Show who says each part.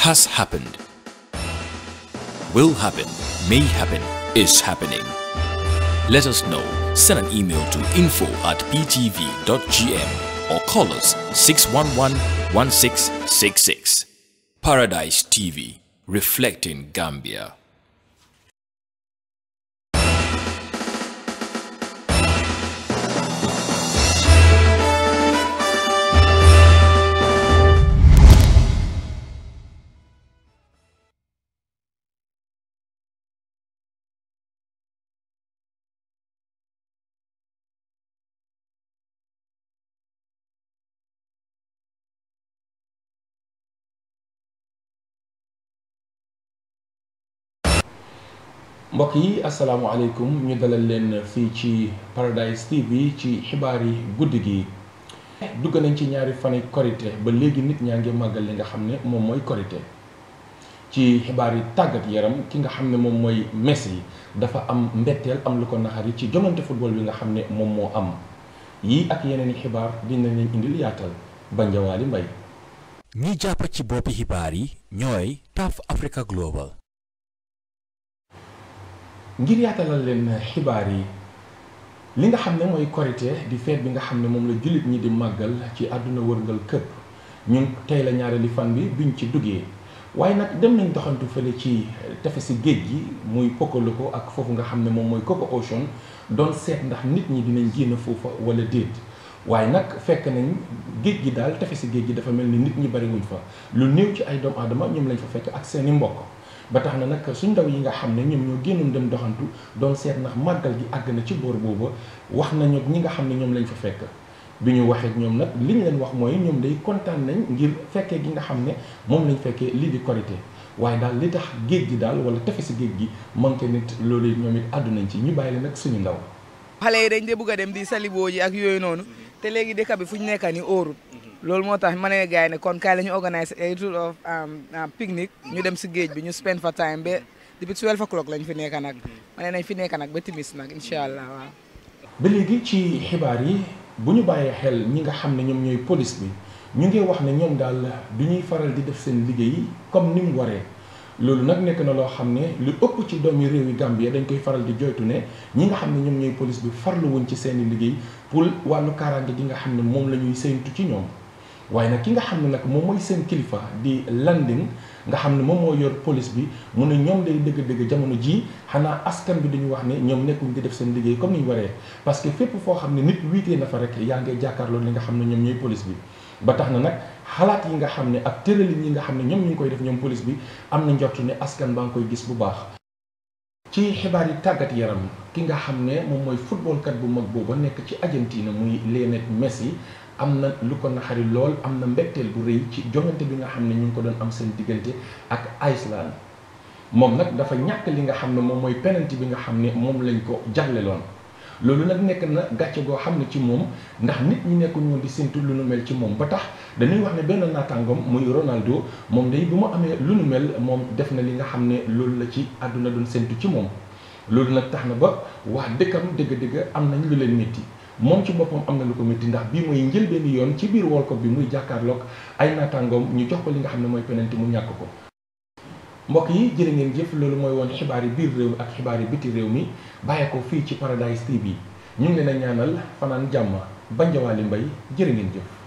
Speaker 1: has happened, will happen, may happen, is happening. Let us know. Send an email to info at ptv.gm or call us 611-1666. Paradise TV, reflecting Gambia. mbokk yi asalaamaaleykum ñu dalal leen fii ci Paradise TV ci xibaar yi guddi gi dugg nañ ci ñaari fani korite ba léegi nit ñaa ngi màggal li nga xam ne moom mooy korite ci xibaar yi tàggat yaram ki nga xam ne moom mooy Messi dafa am mbetteel am lu ko naxari ci jongante football bi nga xam ne moom moo am yii ak yeneen i xibaar dinañ leen indil yaatal Banjawaali Mbay ñi jàpp ci boppi xibaar yi ñooy TAF Africa Global ngir yaatalal leen xibaar yi li nga xam ne mooy korité di feet bi nga xam ne moom la jullit ñi di màggal ci àdduna wërngal këpp ñun tey la ñaareeli fan bi ñu ci duggee waaye nag dem nañ doxantu fële ci tefesi géej gi muy Pokoloto ak foofu nga xam ne moom mooy Coco Ocean doon seet ndax nit ñi dinañ génn foofa wala déet waaye nag fekk nañ géej gi daal si géej gi dafa mel ni nit ñi bariwuñ fa lu néew ci ay doomu aadama ñoom lañ fa fekk ak seeni mbokk ba tax na nag suñ ndaw yi nga xam ne ñoom ñoo génnoon dem doxantu doon seet ndax màggal gi àgg na ci boor booba wax nañu ñi nga xam ne ñoom lañ fa fekk bi ñu waxee ñoom nag li ñu leen wax mooy ñoom day kontaan nañ ngir fekkee gi nga xam ne moom lañ fekkee lii di korité waaye daal li tax géej gi daal wala si géej gi manqué nit loolu ñoom it àddu ci ñu bàyyi leen nag suñu ndaw. xale yi dañ de bugg dem di saliboo ji ak yooyu noonu te léegi loolu moo tax ma ne gars yi ne kon kaay la ñu organise ay tour of um, uh, pique ñu dem si géej bi ñu spend fa time ba depuis 12 o'clock lañ fi nekk nag ma ne nañ fi nekk nag ba timis nag incha allah waaw. ba léegi ci xibaar yi bu ñu bàyyee xel ñi nga xam ne ñoom ñooy police bi ñu ngi wax ne ñoom daal du ñuy faral di def seen liggéey comme ni mu waree loolu nag nekk na loo xam ne lu ëpp ci doomi réew yi Gambie dañ koy faral di joytu ne ñi nga xam ne ñoom ñooy police bi farlu ci seen liggéey pour wàllu kaaraange gi nga xam ne moom la ñuy séentu ci ñoom. waaye nag ki nga xam ne nag moom mooy seen kilifa di Landing nga xam ne moom moo yor police bi mu ne ñoom day dëgg-dëgg jamono jii xanaa askan bi dañu wax ne ñoom nekkuñ di def seen liggéey comme ni waree parce que fépp foo xam ne nit fa rek yaa ngi jàkkaarloo xam ne ñoom ñooy police bi ba tax na nag xalaat yi nga xam ne ak tëralin yi nga xam ne ñoom ñu ngi koy def ñoom police bi am na njort ne askan baa ngi koy gis bu baax xibaar yi tàggat yaram ki nga xam ne moom mooy football kat bu mag booba nekk ci Argentine muy Lionel Messi am na lu ko naxari lool am na mbégteel bu rëy ci joŋante bi nga xam ne ñu ngi ko doon am seen diggante ak Iceland moom nag dafa ñàkk li nga xam ne moom mooy penalty bi nga xam ne moom lañ ko jagleloon loolu nag nekk na gàcce goo xam ne ci moom ndax nit ñi nekkul di séntu lu nu mel ci moom ba tax dañuy wax ne benn naataangoom muy Ronaldo moom day bu mu amee lu nu mel moom def na li nga xam ne loolu la ci àdduna doon séntu ci moom loolu nag tax na ba wax dëkkam dëgg-dëgg am nañ lu leen métti moom ci boppam am na lu ko métti ndax bii mooy njëlbéenu yoon ci biir World bi muy jàkkaarloog ay naataangoom ñu jox ko li nga xam ne mooy penalty mu ñàkk ko. mbokk yi jërë ngeen jëf loolu mooy woon xibaar yi biir réew ak xibaar yi biti réew mi bàyyee fii ci Paradise TV ñu ngi leen a ñaanal fanaan jàmm banjawaali mbay jërë ngeen jëf.